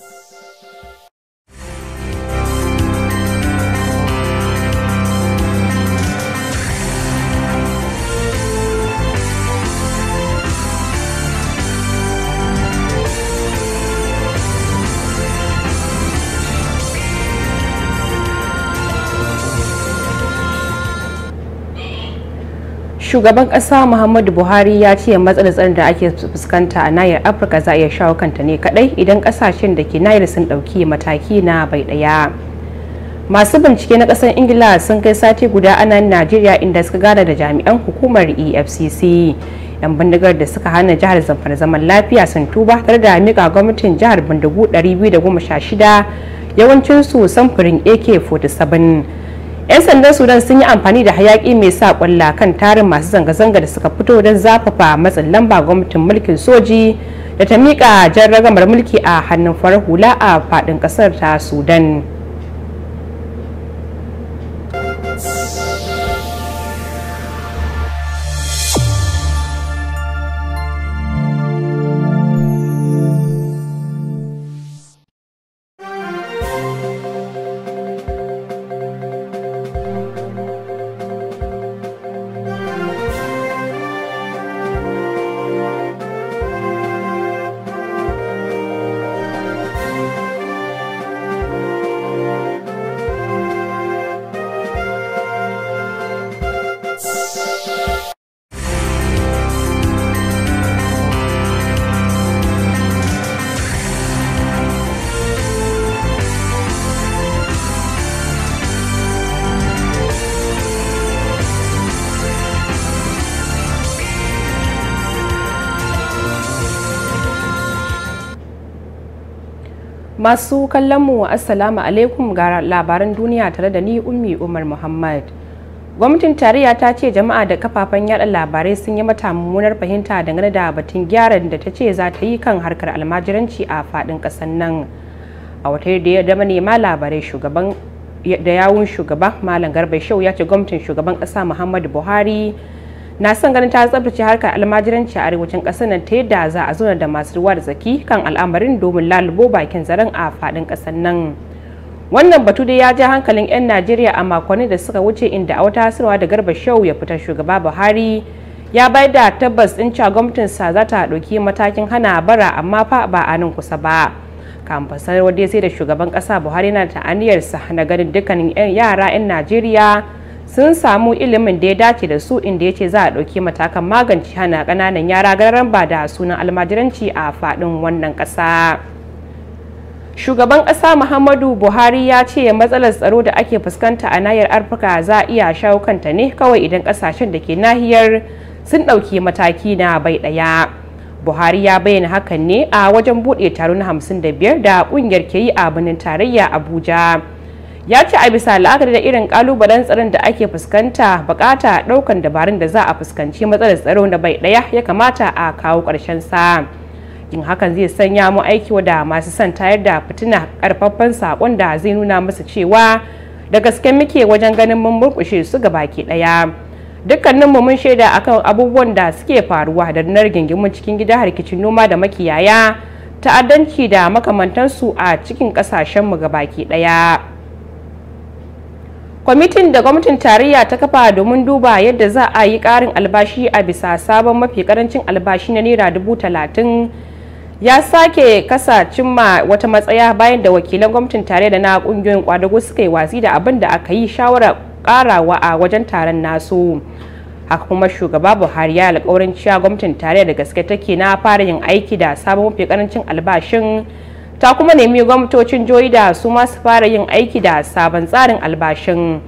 Yes. shugaban kasa muhammadu buhari ya ce matsalar tsarin da ake fuskanta a nayar afirka za a iya shawo kanta ne kadai idan kasashen da ke nayar sun dauki mataki na bai daya masu bincike na kasar ingila sun kai sati guda a nan najeriya inda suka gada da jami'an hukumar efcc yan bindigar da suka hana jihar zamfara zaman lafiya sun tuba tare da mika gwamnatin jihar bindigu 216 su samfurin ak 47 'yan sandan sudan sun yi amfani da hayaki mai sa kwalla kan tarin masu zanga-zanga da suka fito don zafafa matsin lamba gwamnatin mulkin soji da ta miƙa jan ragamar mulki a hannun farar hula a faɗin ƙasar ta sudan Masu kallon mu Assalamu alaikum ga labaran duniya tare da ni Ummi Umar Muhammad. Gwamnatin tarayya ta ce jama'a da kafafen yada labarai sun yi mata mummunar fahimta dangane da batun gyaran da ta ce za ta yi kan harkar almajiranci a fadin kasar nan. A wata da ya nema labarai shugaban da yawun shugaban Malam Garba Shehu ya ce gwamnatin shugaban kasa Muhammadu Buhari na son ganin ta tsabtace harkar almajiranci a arewacin ƙasar nan ta yadda za a zuna da masu ruwa da tsaki kan al'amarin domin lalubo bakin zaren a faɗin ƙasar nan wannan batu dai ya ja hankalin 'yan najeriya a makonni da suka wuce inda a wata hasarwa da garba shau ya fita shugaba buhari ya bai da tabbas ɗin cewa gwamnatinsa za ta ɗauki matakin hana bara amma fa ba a nan kusa ba kamfasar wadda sai da shugaban ƙasa buhari na ta'aniyarsa na ganin dukkanin yara 'yan najeriya sun samu ilimin da ya dace da su inda ya ce za a ɗauki matakan magance hana ƙananan yara gararan ba da sunan almajiranci a faɗin wannan ƙasa shugaban ƙasa muhammadu buhari ya ce matsalar tsaro da ake fuskanta a nahiyar afirka za a iya shawo kanta ne kawai idan ƙasashen da ke nahiyar sun ɗauki mataki na bai ɗaya buhari ya bayyana hakan ne a wajen buɗe taron 55 da ƙungiyar ke yi a birnin tarayya abuja ya ce a bisa la'akari da irin kalubalen tsaron da ake fuskanta bukata daukan dabarun da za a fuskanci matsalar tsaro na bai daya ya kamata a kawo karshen sa yin hakan zai sanya mu aiki da masu son tayar da fitina karfaffen sakon da zai nuna musu cewa da gaske muke wajen ganin mun murkushe su ga baki daya dukkanin mu mun shaida akan abubuwan da suke faruwa da nan gingimu cikin gida harkicin noma da makiyaya ta'addanci da makamantansu a cikin mu ga baki daya kwamitin da gwamnatin tarayya ta kafa domin duba yadda za a yi karin albashi a bisa sabon mafi karancin albashi na naira dubu talatin ya sake kasa cimma wata matsaya bayan da wakilan gwamnatin tarayya da na kungiyoyin kwadago suka yi watsi da abin da aka yi shawarar karawa a wajen taron nasu haka kuma shugaba buhari ya alkawarin cewa gwamnatin tarayya da gaske take na fara yin aiki da sabon mafi karancin albashin ta kuma nemi gwamnatocin jihohi da su masu fara yin aiki da sabon tsarin albashin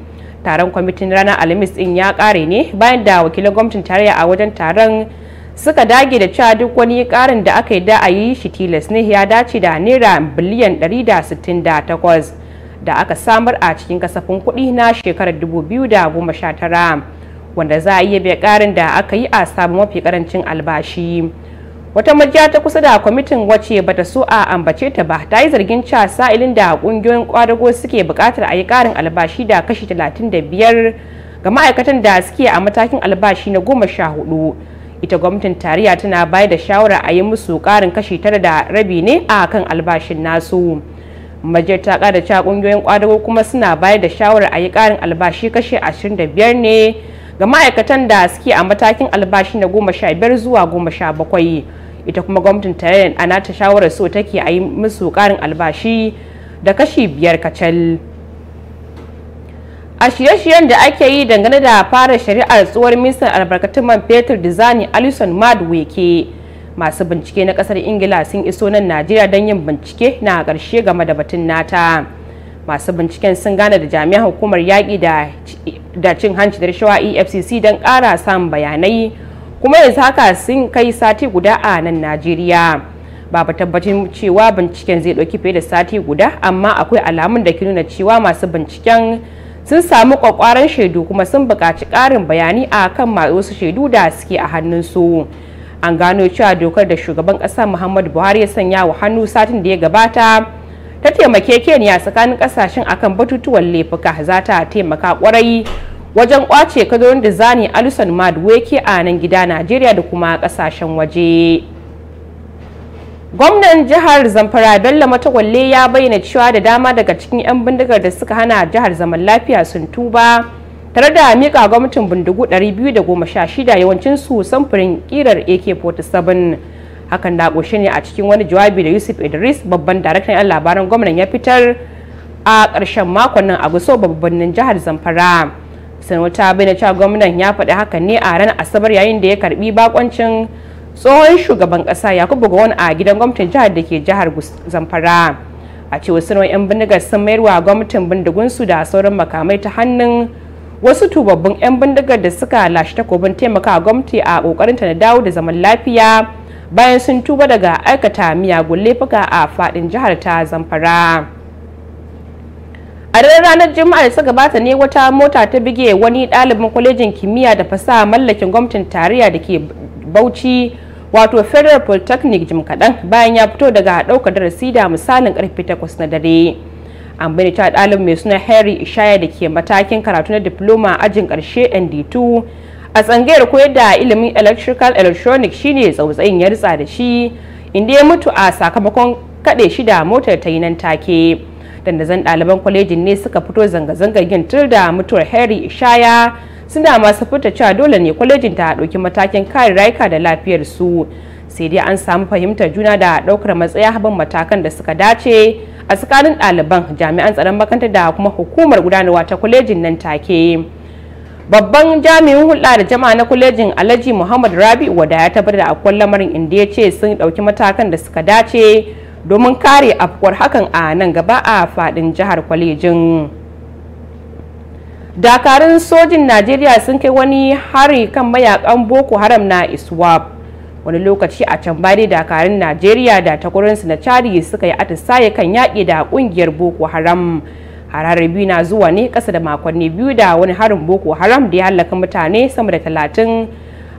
taron kwamitin ranar alhamis din ya kare ne bayan da wakilin gwamnatin tarayya a wajen taron suka dage da cewa duk wani karin da aka yi da a yi shi tilas ne ya dace da naira biliyan 168 da aka samar a cikin kasafin kuɗi na shekarar 2019 wanda za a iya biya karin da aka yi a sabon mafi karancin albashi. wata majiya ta kusa da kwamitin wace bata so a ambace ta ba ta yi zargin ca sa'ilin da kungiyoyin kwadago suke bukatar a yi karin albashi da kashi 35 ga ma'aikatan da suke a matakin albashi na sha goma hudu ita gwamnatin tarayya tana bayar da shawara a yi musu karin kashi tara da rabi ne a kan albashin nasu majiyar ta kada cewa kungiyoyin kwadago kuma suna bayar da shawara a yi karin albashi kashi 25 ne ga ma'aikatan da suke a matakin albashi na sha-biyar goma zuwa sha-bakwai. goma ita kuma gwamnatin tarayyar a nata shawarar so take a yi musu karin albashi da kashi biyar kacal a shirye-shiryen da ake yi dangane da fara shari'ar tsohuwar ministan albarkatun man fetur dizani alison mad ke masu bincike na kasar ingila sun iso nan najeriya don yin bincike na karshe game da batun nata masu binciken sun gane da jami'an hukumar yaƙi da cin hanci da rashawa efcc don ƙara samun bayanai kuma yanzu haka sun kai sati guda a nan najeriya ba babu tabbacin cewa binciken zai ɗauki fiye da sati guda amma akwai alamun da ke nuna cewa masu binciken sun samu kwakwaran shaidu kuma sun buƙaci ƙarin bayani a kan wasu shaidu da suke a hannunsu an gano cewa dokar da shugaban ƙasa muhammadu buhari ya sanya wa hannu satin da ya gabata ta taimake keniya tsakanin ƙasashen akan batutuwan laifuka za ta taimaka kwarai wajen kwace kadorin da zani alusan mad weke a nan gida najeriya da kuma kasashen waje gwamnan jihar zamfara bello matagwalle ya bayyana cewa da dama daga cikin 'yan bindigar da suka hana jihar zaman lafiya sun tuba tare da mika gwamnatin bindigu 216 su samfurin kirar ak-47 hakan na ƙoshi ne a cikin wani jawabi da yusuf idris babban daraktan 'yan labaran gwamnan ya fitar a ƙarshen makon nan a guso babban jihar zamfara sanota bai bayyana cewa gwamnan ya faɗi hakan ne a ranar asabar yayin da ya karbi bakoncin tsohon shugaban ƙasa yakubu gowon a gidan gwamnatin jihar da ke jihar zamfara a cewar sanarwar 'yan bindigar sun mayar wa gwamnatin bindigunsu da sauran makamai ta hannun wasu tubabbun 'yan bindigar da suka lashe takobin taimaka gwamnati a ta na dawo da zaman lafiya bayan sun tuba daga aikata miyagun laifuka a faɗin jihar ta zamfara. a ranar ranar juma'a da suka gabata ne wata mota ta bige wani ɗalibin kwalejin kimiyya da fasaha mallakin gwamnatin tarayya da ke bauchi wato federal polytechnic jim kaɗan bayan ya fito daga ɗaukar darasi da misalin karfe 8 na dare an bane ta ɗalibin mai suna harry ishaya da ke matakin karatu na diploma ajin ƙarshe nd2 a tsangayar koyar da ilimin electrical electronic shine tsautsayin ya ritsa da shi inda ya mutu a sakamakon kaɗe shi da motar ta yi nan take zan ɗaliban kwalejin ne suka fito zanga-zangar yin da mutuwar harry ishaya suna masu fita cewa dole ne kwalejin ta ɗauki matakin kare rayuka da lafiyar su sai dai an samu fahimtar juna da ɗaukar matsaya haban matakan da suka dace a tsakanin ɗaliban jami'an tsaron makaranta da kuma hukumar gudanarwa ta kwalejin nan take babban jami'in hulɗa da jama'a na kwalejin alhaji muhammad rabi wada ya tabbatar da akwai lamarin inda ya ce sun ɗauki matakan da suka dace domin kare afkuwar hakan a nan gaba a fadin jihar kwalejin dakarun sojin najeriya sun kai wani hari kan mayakan boko haram na iswap wani lokaci a can bade dakarun najeriya da takwarorinsu na chadi suka yi atisaye kan yaƙi da ƙungiyar boko haram harare biyu na zuwa ne ƙasa da makonni biyu da wani harin boko haram da ya halaka mutane sama da talatin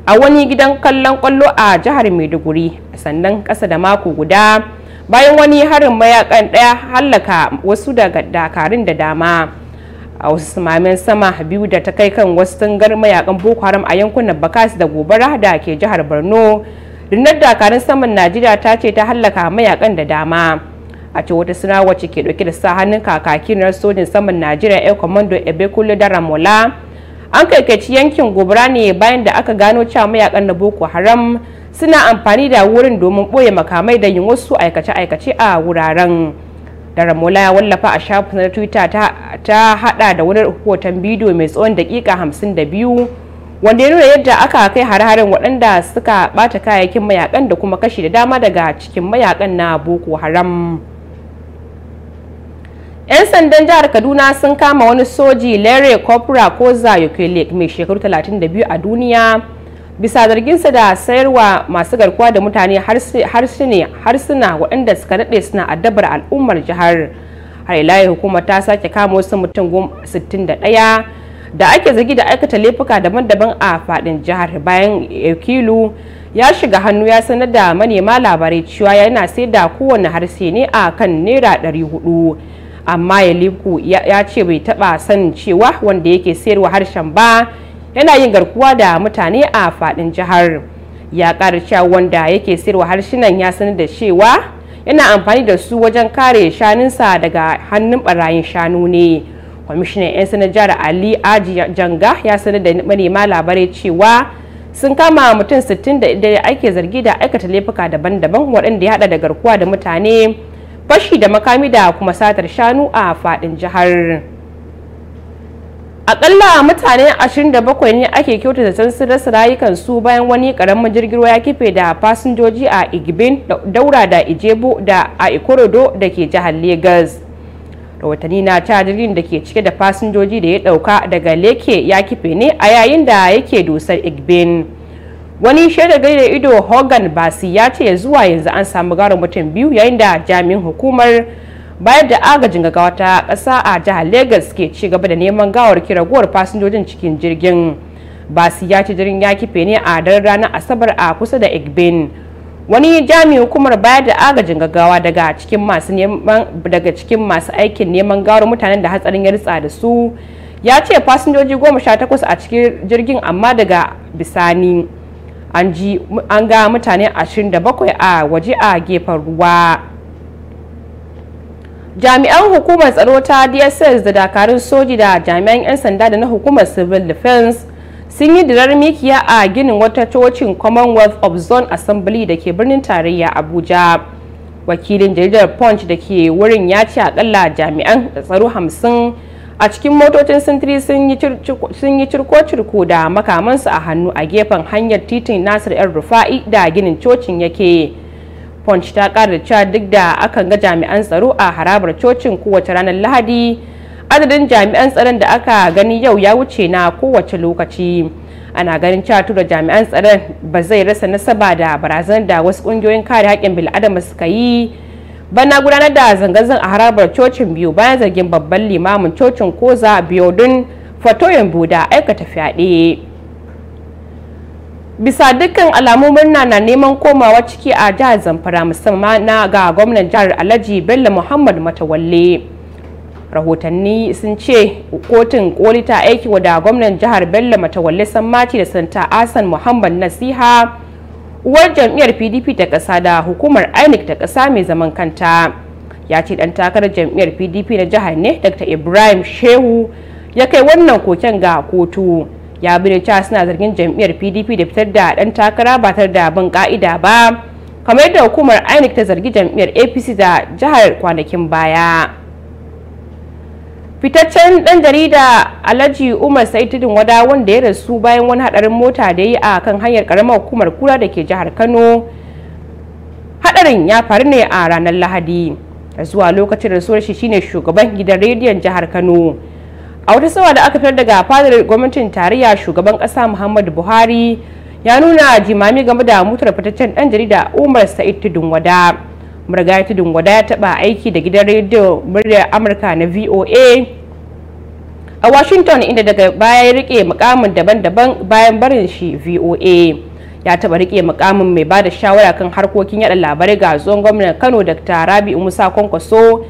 a wani gidan kallon kwallo a jihar maiduguri sannan kasa da mako guda bayan wani harin mayakan daya hallaka wasu daga dakarun da dama a wasu samamin sama biyu da ta kai kan wasu tungar mayakan boko haram a yankunan bakas da gobara da ke jihar borno rinar dakarun saman najeriya ta ce ta hallaka mayakan da dama a ce wata suna wacce ke dauke da sa hannun kakakin sojin saman najeriya air commando ebekule da ramola an kaikaci yankin gobara ne bayan da aka gano cewa mayakan na boko haram suna amfani da wurin domin ɓoye makamai da yin wasu aikace-aikace a wuraren da ramola ya wallafa a shafin na twitter ta hada da wani hoton bidiyo mai tsawon dakika 52 wanda ya nuna yadda aka kai hare-haren waɗanda suka ɓata kayayyakin mayakan da kuma kashi da dama daga cikin mayakan na boko haram 'yan sandan jihar kaduna sun kama wani soji larry corpora ko yokele mai shekaru 32 a duniya bisa zarginsa da sayarwa masu garkuwa da mutane harsuna waɗanda suka daɗe suna addabar al'ummar jihar har ilayi hukumar ta sake kama wasu mutum 61 da ake zargi da aikata laifuka daban-daban a faɗin jihar bayan ekilu ya shiga hannu ya sanar da manema labarai cewa yana sai da kowane harshe ne a kan naira 400 amma yaliku ya ce bai taɓa san cewa wanda yake sayarwa harshen ba yana yin garkuwa da mutane a fadin jihar ya kara cewa wanda yake sayarwa harshinan ya sanar da cewa yana amfani da su wajen kare shanunsa daga hannun barayin shanu ne kwamishinan 'yan sanar jihar ali aji janga ya sanar da manema labarai cewa sun kama mutum 60 da ake zargi da aikata laifuka daban-daban waɗanda ya hada da garkuwa da mutane fashi da makami da kuma satar shanu a fadin jihar. akalla mutane 27 ne ake kyautata da sun rasa rayukansu bayan wani karamin jirgin ruwa ya kife da fasinjoji a igbin daura da ijebu da a ikorodo da ke jihar lagos rahotanni na ta jirgin da ke cike da fasinjoji da ya dauka daga leke ya kife ne a yayin da yake dusar igbin wani shaidar gari da ido hogan basi ya ce zuwa yanzu an samu garin mutum biyu yayin da jami'in hukumar bayar da agajin gaggawa ta kasa a jihar Legas ke ci gaba da neman gawar kiragowar fasinjojin cikin jirgin. Basi ya ci jirgin ya kife ne a daren ranar Asabar a kusa da Igbin. Wani jami'in hukumar bayar da agajin gaggawa daga cikin masu neman daga cikin masu aikin neman gawar mutanen da hatsarin ya ritsa da su ya ce fasinjoji goma sha takwas a cikin jirgin amma daga bisani an ji an ga mutane ashirin da a waje a gefen ruwa. jami'an hukumar tsaro ta dss da dakarun soji da jami'an 'yan sanda da na hukumar civil defense sun yi dirar mikiya a ginin wata cocin commonwealth of zone assembly da ke birnin tarayya abuja wakilin jaridar punch da ke wurin ya ce akalla jami'an tsaro hamsin a cikin motocin sintiri sun yi cirko-cirko da makamansu a hannu a gefen hanyar titin nasir rufa'i da ginin cocin yake punch ta kara da cewa duk da akan ga jami'an tsaro a harabar cocin kowace ranar lahadi adadin jami'an tsaron da aka gani yau ya wuce na kowace lokaci ana ganin cewa tura jami'an tsaron ba zai rasa nasaba da barazanar da wasu kungiyoyin kare haƙƙin bil'adama suka yi bana gudanar da zanga-zan a harabar cocin biyu bayan zargin babban limamin cocin koza don fatoyin buda aikata fyaɗe bisa dukkan alamu murna na neman komawa ciki a jihar zamfara musamman na ga gwamnan jihar alhaji bello muhammad matawalle rahotanni sun ce kotun koli ta aiki da gwamnan jihar bello matawalle san mace da santa asan muhammad nasiha uwar jam'iyyar pdp ta kasa da hukumar inec ta kasa mai zaman kanta ya ce dan takarar jam'iyyar pdp na jihar ne dr ibrahim shehu ya kai wannan koken ga kotu ya bi cewa suna zargin jam'iyyar pdp da fitar da ɗan takara ba tare da bin ka'ida ba kamar yadda hukumar inec ta zargi jam'iyyar apc da jihar kwanakin baya fitaccen dan jarida alhaji umar sa'id tudun wada wanda ya rasu bayan wani hadarin mota da yi a kan hanyar karamar hukumar kura da ke jihar kano hadarin ya faru ne a ranar lahadi zuwa lokacin rasuwar shi shine shugaban gidan rediyon jihar kano a wata sama da aka fitar daga fadar gwamnatin tarayya shugaban kasa muhammadu buhari ya nuna jimami game da mutar fitaccen dan jarida umar sa'id tudun wada murgaya tudun wada ya taba aiki da gidan rediyo muryar amurka na voa a washington inda daga baya ya rike mukamin daban-daban bayan barin shi voa ya taba rike mukamin mai ba da shawara kan harkokin yada labarai ga zuwan gwamnan kano dr rabi musa kwankwaso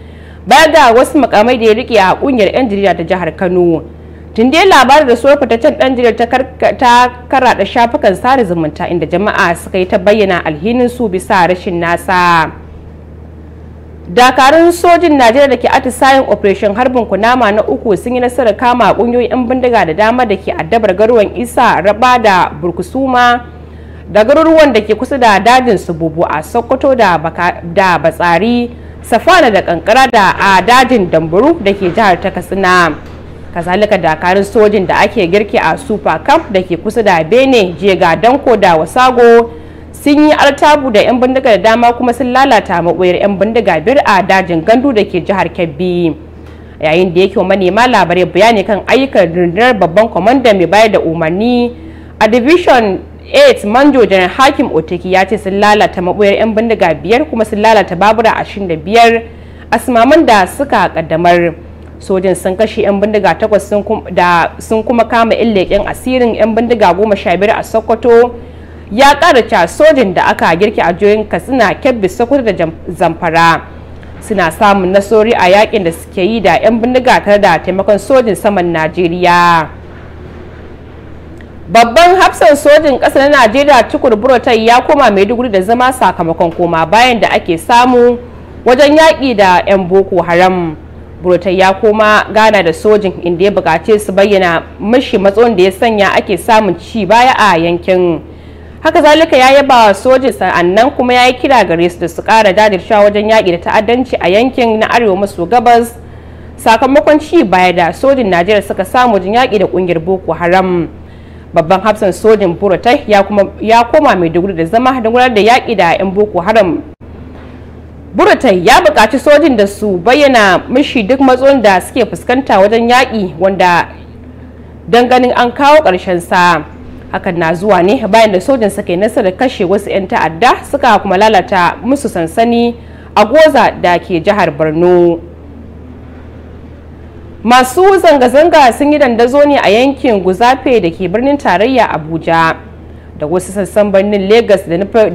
baya da wasu makamai da ya rike a kungiyar 'yan jarida ta jihar Kano. Tun dai labarin da ta can ɗan jarida ta da shafukan sada zumunta inda jama'a suka yi ta bayyana alhinin su bisa rashin nasa. dakarun sojin najeriya da ke atisayen operation harbin kunama na uku sun yi nasarar kama kungiyoyin 'yan bindiga da dama da ke addabar garuwan isa raba da burkusuma da garuruwan da ke kusa da dajin su bubu a sokoto da batsari safana da kankara da a dajin damburu da ke jihar ta katsina kazalika dakarun sojin da ake girki a super camp da ke kusa da bene jega danko da wasago sun yi artabu da 'yan bindiga da dama kuma sun lalata makoyar 'yan bindiga biyar a dajin gandu da ke jihar kebbi yayin da yake manema labarai bayani kan ayyukan rundunar babban kwamandan mai bayar da umarni a division 8 manjo janar hakim oteki ya ce sun lalata mabuyar 'yan bindiga biyar kuma sun lalata babura 25 asmaman da suka kaddamar sojin sun kashe 'yan bindiga takwas sun kuma kama illeƙen asirin 'yan bindiga goma sha biyar a sokoto ya ƙara ca sojin da aka girki a jiyoyin katsina kebbi sokoto da zamfara suna samun nasori a yakin da suke yi da 'yan bindiga tare da taimakon sojin saman najeriya babban hafsan sojin ƙasa na najeriya tukur burotai ya koma maiduguri da zama sakamakon koma bayan da ake samu wajen yaƙi da 'yan boko haram burotai ya koma gana da sojin inda ya buƙace su bayyana mashi matsayin da ya sanya ake samun ci baya a yankin haka zalika ya yaba wa sojin sa'annan kuma ya yi kira gare su da su ƙara dadirsha wajen yaƙi da ta'addanci a yankin na arewa maso gabas sakamakon ci baya da sojin najeriya suka samu wajen yaƙi da kungiyar boko haram babban hafsan sojin buratai ya koma mai maiduguri da zama don gudanar da yaƙi da 'yan boko haram buratai ya buƙaci sojin da su bayyana mishi duk matsalolin da suke fuskanta wajen yaƙi wanda don ganin an kawo ƙarshen sa hakan na zuwa ne bayan da sojin suka yi nasarar kashe wasu 'yan ta'adda suka kuma lalata musu sansani a goza da ke jihar borno masu zanga-zanga sun yi dandazo ne a yankin guzafe da ke birnin tarayya abuja da wasu sassan birnin lagos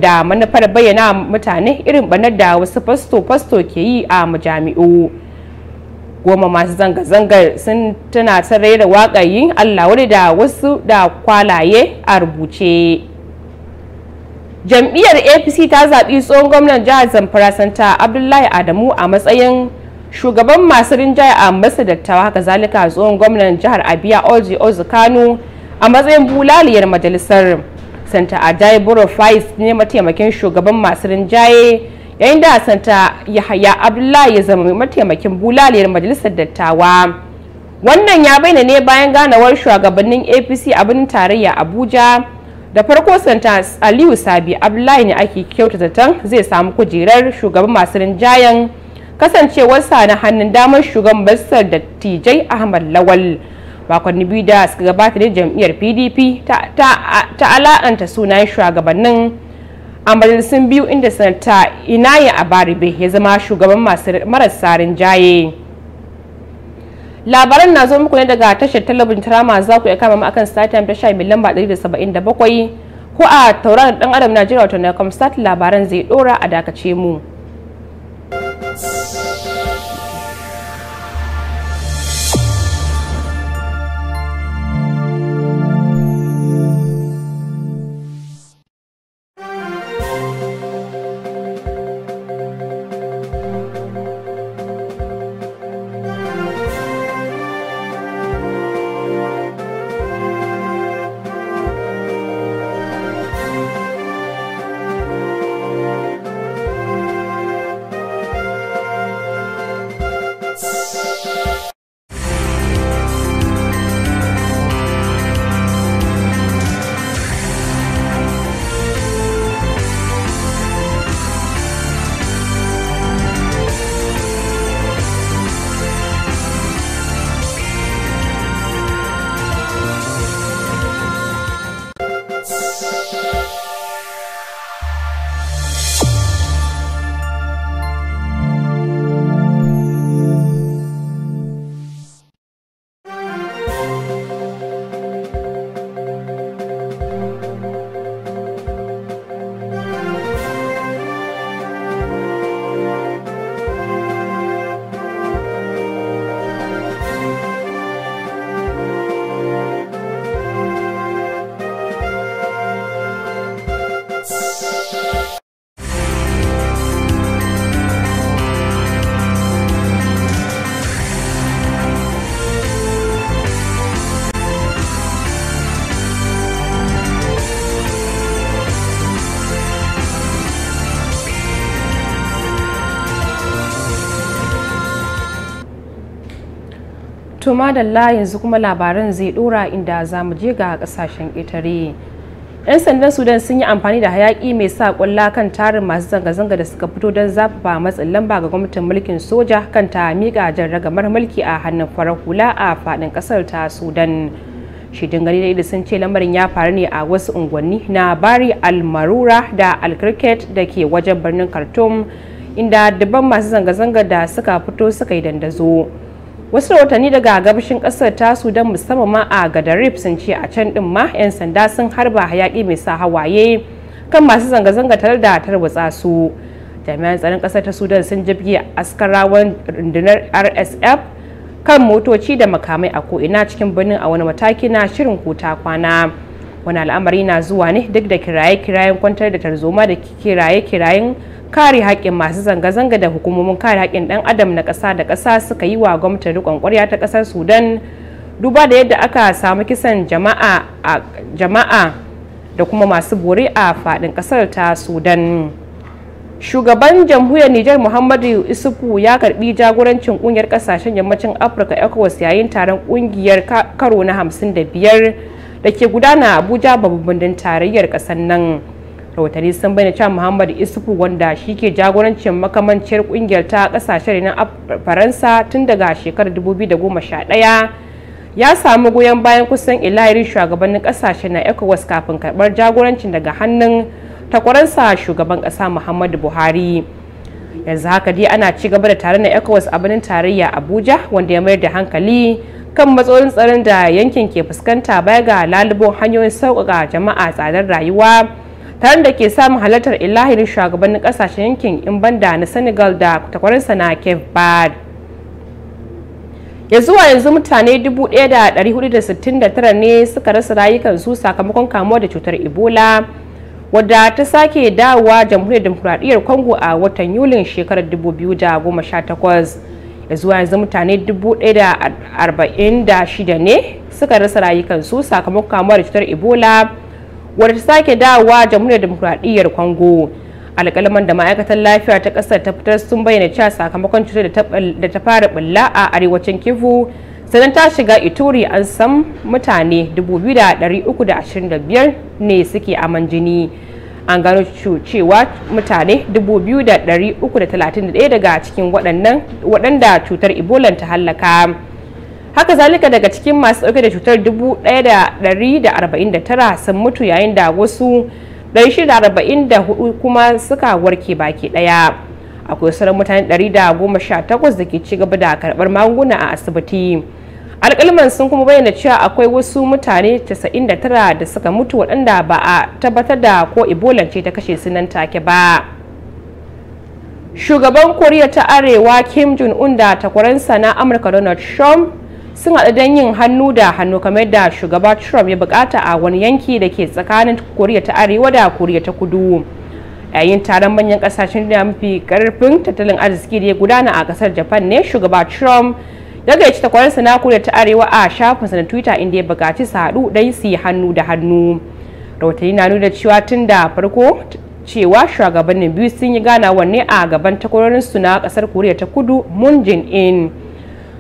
da manufar bayyana mutane irin banar da wasu fasto-fasto ke yi a majami'u goma masu zanga-zangar sun tana ta raira waƙar allah wani da wasu da kwalaye a rubuce jam'iyyar apc ta zaɓi tsohon gwamnan jihar zamfara santa abdullahi adamu a matsayin shugaban masu rinjaya a masa dattawa haka zalika tsohon gwamnan jihar abia oji oji kano a matsayin bulaliyar majalisar santa ajayi buru fais ne mataimakin shugaban masu rinjaye yayin da santa yahaya abdullahi ya zama mataimakin bulaliyar majalisar dattawa wannan ya bayyana ne bayan ganawar shugabannin apc abin tarayya abuja da farko santa aliyu sabi abdullahi ne ake kyautata zaton zai samu kujerar shugaban masu rinjayen kasancewarsa na hannun damar shugaban basar dattijai ahmad lawal makonni biyu da suka gabata ne jam'iyyar pdp ta alaƙanta sunayen shugabannin a majalisun biyu inda sanata inaya abaribe ya zama shugaban marasa jaye. labaran na zo muku ne daga tashar talabijin tarama za ku iya kama akan satan da mai lamba bakwai ko a tauraron dan adam najeriya wato na satin labaran zai dora a dakace mu Dance. To madalla yanzu kuma labaran zai dora inda za mu je ga kasashen ƙetare. 'Yan sandan Sudan sun yi amfani da hayaƙi mai sa ƙwalla kan tarin masu zanga-zanga da suka fito don zafafa matsin lamba ga gwamnatin mulkin soja kan ta miƙa jan ragamar mulki a hannun farar hula a faɗin ƙasar ta Sudan. Shidin gani da sun ce lamarin ya faru ne a wasu unguwanni na Bari Almarura da Alkirket da ke wajen birnin Khartoum inda dubban masu zanga-zanga da suka fito suka yi dandazo. wasu rahotanni daga gabashin kasar ta sudan musamman ma a gadarif sun ce a can din ma 'yan sanda sun harba hayaki mai sa hawaye kan masu zanga-zanga tare da tarwatsa su jami'an tsaron kasar ta sudan sun jibge askarawan rundunar rsf kan motoci da makamai a ko'ina cikin birnin a wani mataki na shirin kuta kwana wani al'amari na zuwa ne duk da kiraye-kirayen kwantar da tarzoma da kiraye-kirayen kare haƙƙin masu zanga-zanga da hukumomin kare haƙƙin ɗan adam na ƙasa da ƙasa suka yi wa gwamnatin riƙon ƙwarya ta ƙasar sudan duba da yadda aka samu kisan jama'a jama'a da kuma masu bore a faɗin ƙasar ta sudan shugaban jamhuriyar nijar muhammadu isufu ya karbi jagorancin ƙungiyar ƙasashen yammacin afirka ecowas yayin taron ƙungiyar karo na 55 da ke gudana abuja babban birnin tarayyar ƙasar nan rahotanni sun bayyana cewa muhammad isufu wanda shi ke jagorancin makamanciyar kungiyar ta kasashen na faransa tun daga shekarar 2011 ya samu goyon bayan kusan ilahirin shugabannin kasashen na ecowas kafin karbar jagorancin daga hannun takwaransa shugaban kasa muhammadu buhari yanzu haka dai ana ci gaba da taron na ecowas a birnin tarayya abuja wanda ya mayar da hankali kan matsalolin tsaron da yankin ke fuskanta baya ga lalubon hanyoyin sauƙaƙa jama'a tsadar rayuwa tare da ke samun halartar ilahin shugabannin kasashen yankin in banda na senegal da takwarinsa na cape verde ya zuwa yanzu mutane 1469 ne suka rasa rayukansu sakamakon kamuwa da cutar ebola wadda ta sake dawowa jamhuriyar demokuraɗiyyar congo a watan yulin shekarar 2018 ya zuwa yanzu mutane 1046 ne suka rasa rayukansu sakamakon kamuwa da cutar ebola wadda ta sake dawowa jamhuriyar demokuraɗiyyar kwango alƙalman da ma'aikatan lafiya ta ƙasar ta fitar sun bayyana cewa sakamakon cutar da ta fara bulla a arewacin kivu sannan ta shiga ituri an san mutane 2,325 ne suke aman jini an gano cewa mutane 2,331 daga cikin waɗanda cutar ibolan ta hallaka. haka zalika daga cikin masu dauke da cutar 1,149 sun mutu yayin da wasu 644 kuma suka warke baki daya akwai sauran mutane 118 da ke ci gaba da karbar magunguna a asibiti alkalman sun kuma bayyana cewa akwai wasu mutane 99 da suka mutu waɗanda ba a tabbatar da ko ebola ce ta kashe su nan take ba shugaban koriya ta arewa kim jong-un da takwaransa na amurka donald trump sun haɗu don yin hannu da hannu kamar da shugaba trump ya bukata a wani yanki da ke tsakanin koriya ta arewa da koriya ta kudu yayin taron manyan kasashen da mafi karfin tattalin arziki da ya gudana a kasar japan ne shugaba trump ya gaici takwarar na koriya ta arewa a shafinsa na twitter inda ya bukaci su haɗu don su yi hannu da hannu rahotanni na nuna cewa tun da farko cewa shugabannin biyu sun yi ganawa ne a gaban takwarorinsu na kasar koriya ta kudu moon in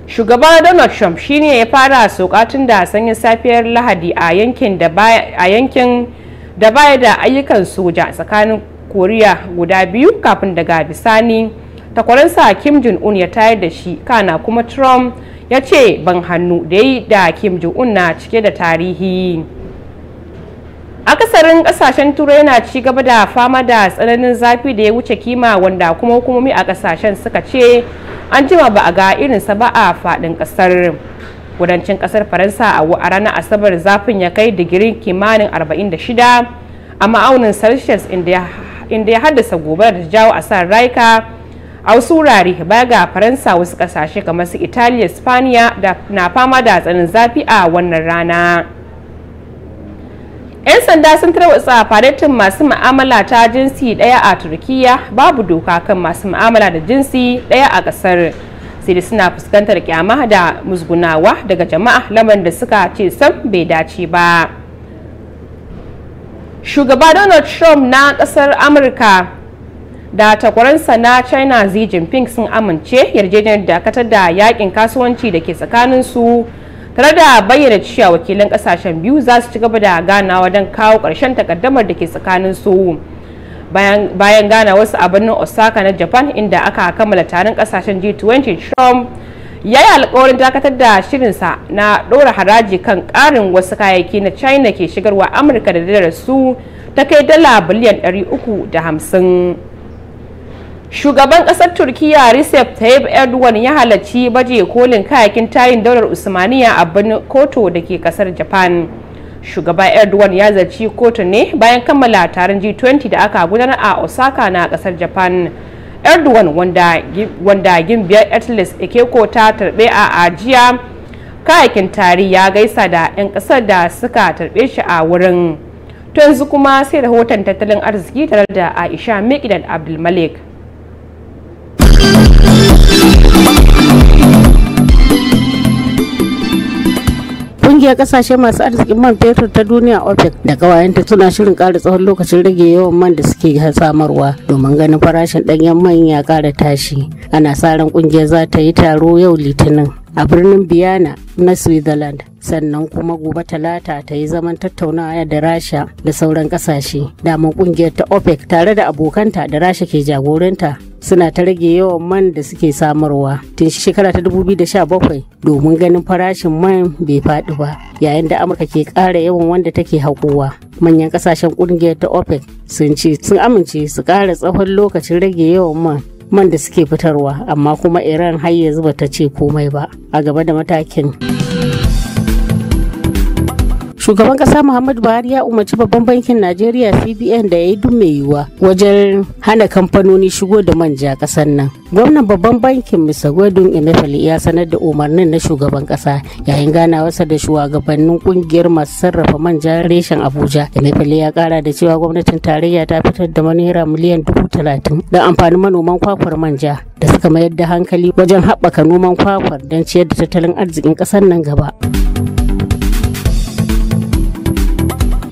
shugaba donald trump shine ya fara sokatun da sanyin safiyar lahadi a yankin da baya da ayyukan soja tsakanin koriya guda biyu kafin daga bisani takwaransa kim jong-un ya tayar da shi kana kuma trump ya ce ban hannu da yi da kim jong-un na cike da tarihi akasarin kasashen turai na ci gaba da fama da tsananin zafi da ya wuce kima wanda kuma hukumomi a kasashen suka ce an jima ba a ga irinsa ba a fadin kasar kudancin kasar faransa a ranar asabar zafin ya kai digirin kimanin 46 a ma'aunin celsius inda ya haddasa gobara da jawo asar raika a wasu wurare baya ga faransa wasu kasashe kamar su italiya spaniya na fama da tsananin zafi a wannan rana 'yan sanda sun tarwatsa faretin masu ma'amala ta jinsi daya a turkiya babu doka kan masu ma'amala da jinsi daya a kasar sai suna fuskantar kyama da musgunawa daga jama'a lamar da suka ce sam bai dace ba shugaba donald trump na kasar amurka da takwaransa na china xi jinping sun amince yarjejeniyar dakatar da yakin kasuwanci da ke tsakaninsu su tare da bayyana cewa wakilan kasashen biyu za su ci gaba da ganawa don kawo ƙarshen takaddamar da ke tsakanin su bayan gana wasu a birnin osaka na japan inda aka kammala taron kasashen g20 trump ya yi alkawarin dakatar da shirinsa na ɗora haraji kan ƙarin wasu kayayyaki na china ke shigarwa amurka da dalar su ta kai dala biliyan 350 shugaban kasar turkiya recep tayyip erdogan ya halarci baje kolin kayakin tayin daular usmaniya a birnin koto da ke kasar japan shugaba erdogan ya zarci koto ne bayan kammala taron g20 da aka gudanar a osaka na kasar japan erdogan wanda, gimbiyar atlas ekeko ta tarbe a ajiya kayakin tari ya gaisa da 'yan kasar da suka tarbe shi a wurin to yanzu kuma sai rahoton tattalin arziki tare da aisha mikidan abdulmalik Ƙungiyar ƙasashe masu arzikin man fetur ta duniya OPEC da ƙawayenta suna shirin kara tsawon lokacin rage yawan man da suke samarwa domin ganin farashin ɗanyen man ya kara tashi. Ana sa ran ƙungiyar za ta yi taro yau Litinin a birnin Biyana na Switzerland. sannan kuma gobe talata ta yi zaman tattaunawa da rasha da sauran kasashe daman kungiyar ta opec tare da abokanta da rasha ke jagoranta suna ta rage yawan man da suke samarwa tun shekara ta 2017 domin ganin farashin man bai faɗi ba yayin da amurka ke ƙara yawan wanda take haƙowa manyan ƙasashen ƙungiyar ta opec sun ce sun amince su ƙara tsawon lokacin rage yawan man man da suke fitarwa amma kuma iran har yanzu bata ce komai ba a gaba da matakin. shugaban kasa muhammadu buhari ya umarci babban bankin najeriya cbn da ya yi duk mai yiwuwa wajen hana kamfanoni shigo da manja kasar nan gwamnan babban bankin mr gordon emefali ya sanar da umarnin na shugaban kasa yayin ganawarsa da shugabannin kungiyar masu sarrafa manja reshen abuja emefali ya kara da cewa gwamnatin tarayya ta fitar da naira miliyan dubu talatin don amfanin manoman kwakwar manja da suka mayar da hankali wajen haɓaka noman kwakwar don ciyar da tattalin arzikin ƙasar nan gaba.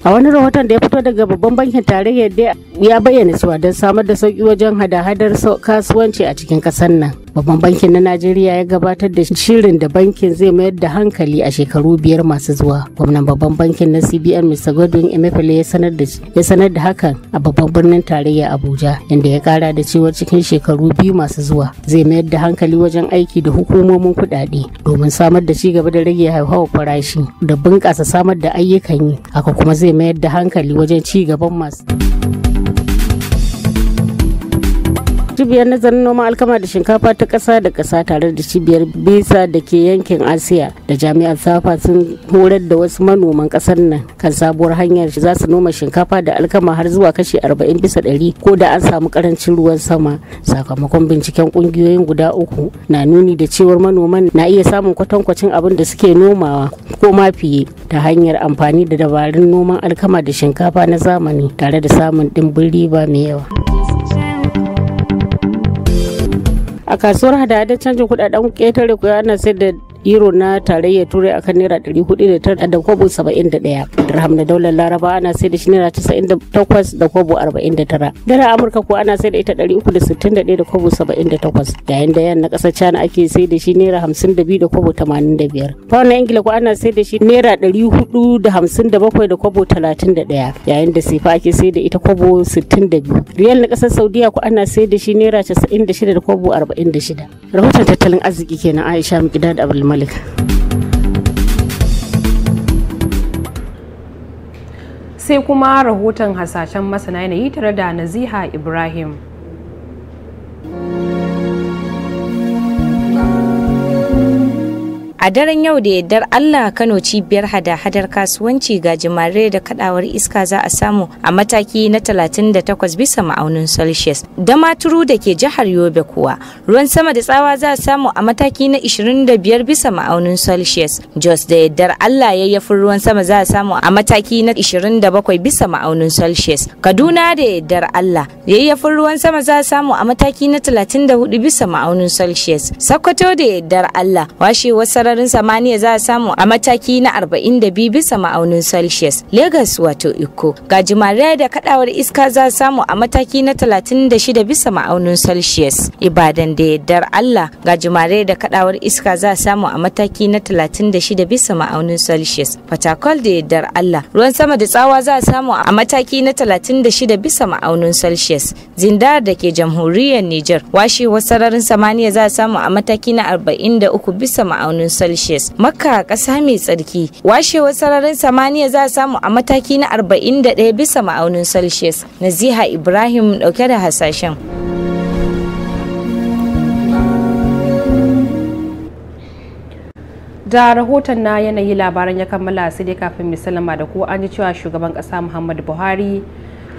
a wani rahoton da ya fito daga babban bankin tarayyar da ya bayyana cewa don samar da sauki wajen hada-hadar kasuwanci a cikin kasar nan babban bankin na najeriya ya gabatar da shirin da bankin zai mayar da hankali a shekaru biyar masu zuwa gwamnan babban bankin na cbn mr godwin emefiele ya sanar da hakan a babban birnin tarayya abuja inda ya kara da cewa cikin shekaru biyu masu zuwa zai mayar da hankali wajen aiki da hukumomin kuɗaɗe domin samar da cigaba da rage hauhawar farashi da bunƙasa samar da ayyukan yi haka kuma zai mayar da hankali wajen ci masu cibiyar nazarin noma alkama da shinkafa ta kasa da kasa tare da cibiyar bisa da ke yankin asiya da jami'ar safa sun horar da wasu manoman kasar nan kan sabuwar hanyar za su noma shinkafa da alkama har zuwa kashi 40 bisa 100 ko da an samu karancin ruwan sama sakamakon binciken ƙungiyoyin guda uku na nuni da cewar manoman na iya samun kwatankwacin abin da suke nomawa ko ma fiye ta hanyar amfani da dabarun noman alkama da shinkafa na zamani tare da samun ɗimbin riba mai yawa. a kasuwar hada-hadar canjin kudaden ketare kuwa ana sayar da euro na tarayyar turai a kan naira 409 da kwabo 71 dirham na daular laraba ana sai da shi naira 98 da kwabo 49 dala amurka kuwa ana sai da ita 361 da kwabo 78 yayin da yan na kasar china ake sai da shi naira 52 da kwabo 85 pound na ingila kuwa ana sai da shi naira 457 da kwabo 31 yayin da sefa ake sai da ita kwabo 62 riyal na kasar saudiya kuwa ana sai da shi naira 96 da kwabo 46 rahoton tattalin arziki kenan aisha mu gida da abdulmalik Sai kuma rahoton hasashen masana yanayi tare da Naziha Ibrahim. a daren yau da yardar allah kano cibiyar hada-hadar kasuwanci gajimare da kadawar iska za a samu a mataki na 38 bisa ma'aunin celsius da maturu da ke jihar yobe kuwa ruwan sama da tsawa za a samu a mataki na 25 bisa ma'aunin celsius jos da yardar allah yayyafin ruwan sama za a samu a mataki na 27 bisa ma'aunin celsius kaduna da yardar allah yayyafin ruwan sama za a samu a mataki na 34 bisa ma'aunin celsius sokoto da yardar allah washe wasu sararin samaniya za a samu a mataki na 42 bisa ma'aunin celsius lagos wato iko gajimare da kadawar iska za a samu a mataki na 36 bisa ma'aunin celsius ibadan da yardar allah gajimare da kadawar iska za a samu a mataki na 36 bisa ma'aunin celsius fatakol da yardar allah ruwan sama da tsawa za a samu a mataki na 36 bisa ma'aunin celsius zindar da ke jamhuriyar niger washewar sararin samaniya za a samu a mataki na 43 bisa ma'aunin celsius celsius makka kasa mai tsarki washewar sararin samaniya za a samu a mataki na 41 bisa ma'aunin celsius naziha ibrahim dauke da hasashen da rahoton na yanayi labaran ya kammala sai dai kafin misalama da ku an ji cewa shugaban kasa muhammadu buhari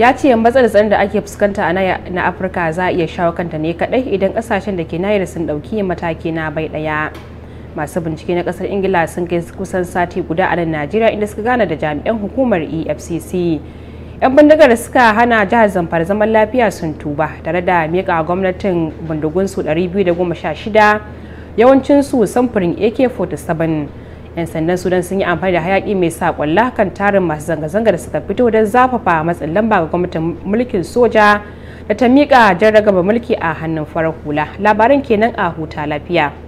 ya ce matsalar tsarin da ake fuskanta a na afirka za a iya shawo kanta ne kadai idan kasashen da ke nayar sun dauki mataki na bai daya masu bincike na kasar ingila sun kai kusan sati guda a nan najeriya inda suka gane da jami'an hukumar efcc yan bindigar suka hana jihar zamfara zaman lafiya sun tuba tare da mika gwamnatin bindigunsu 216 yawancinsu samfurin ak-47 yan sandan sudan sun yi amfani da hayaki mai sa kwalla kan tarin masu zanga-zanga da suka fito don zafafa matsin lamba ga gwamnatin mulkin soja da ta miƙa jan ragaba mulki a hannun farar hula labarin kenan a huta lafiya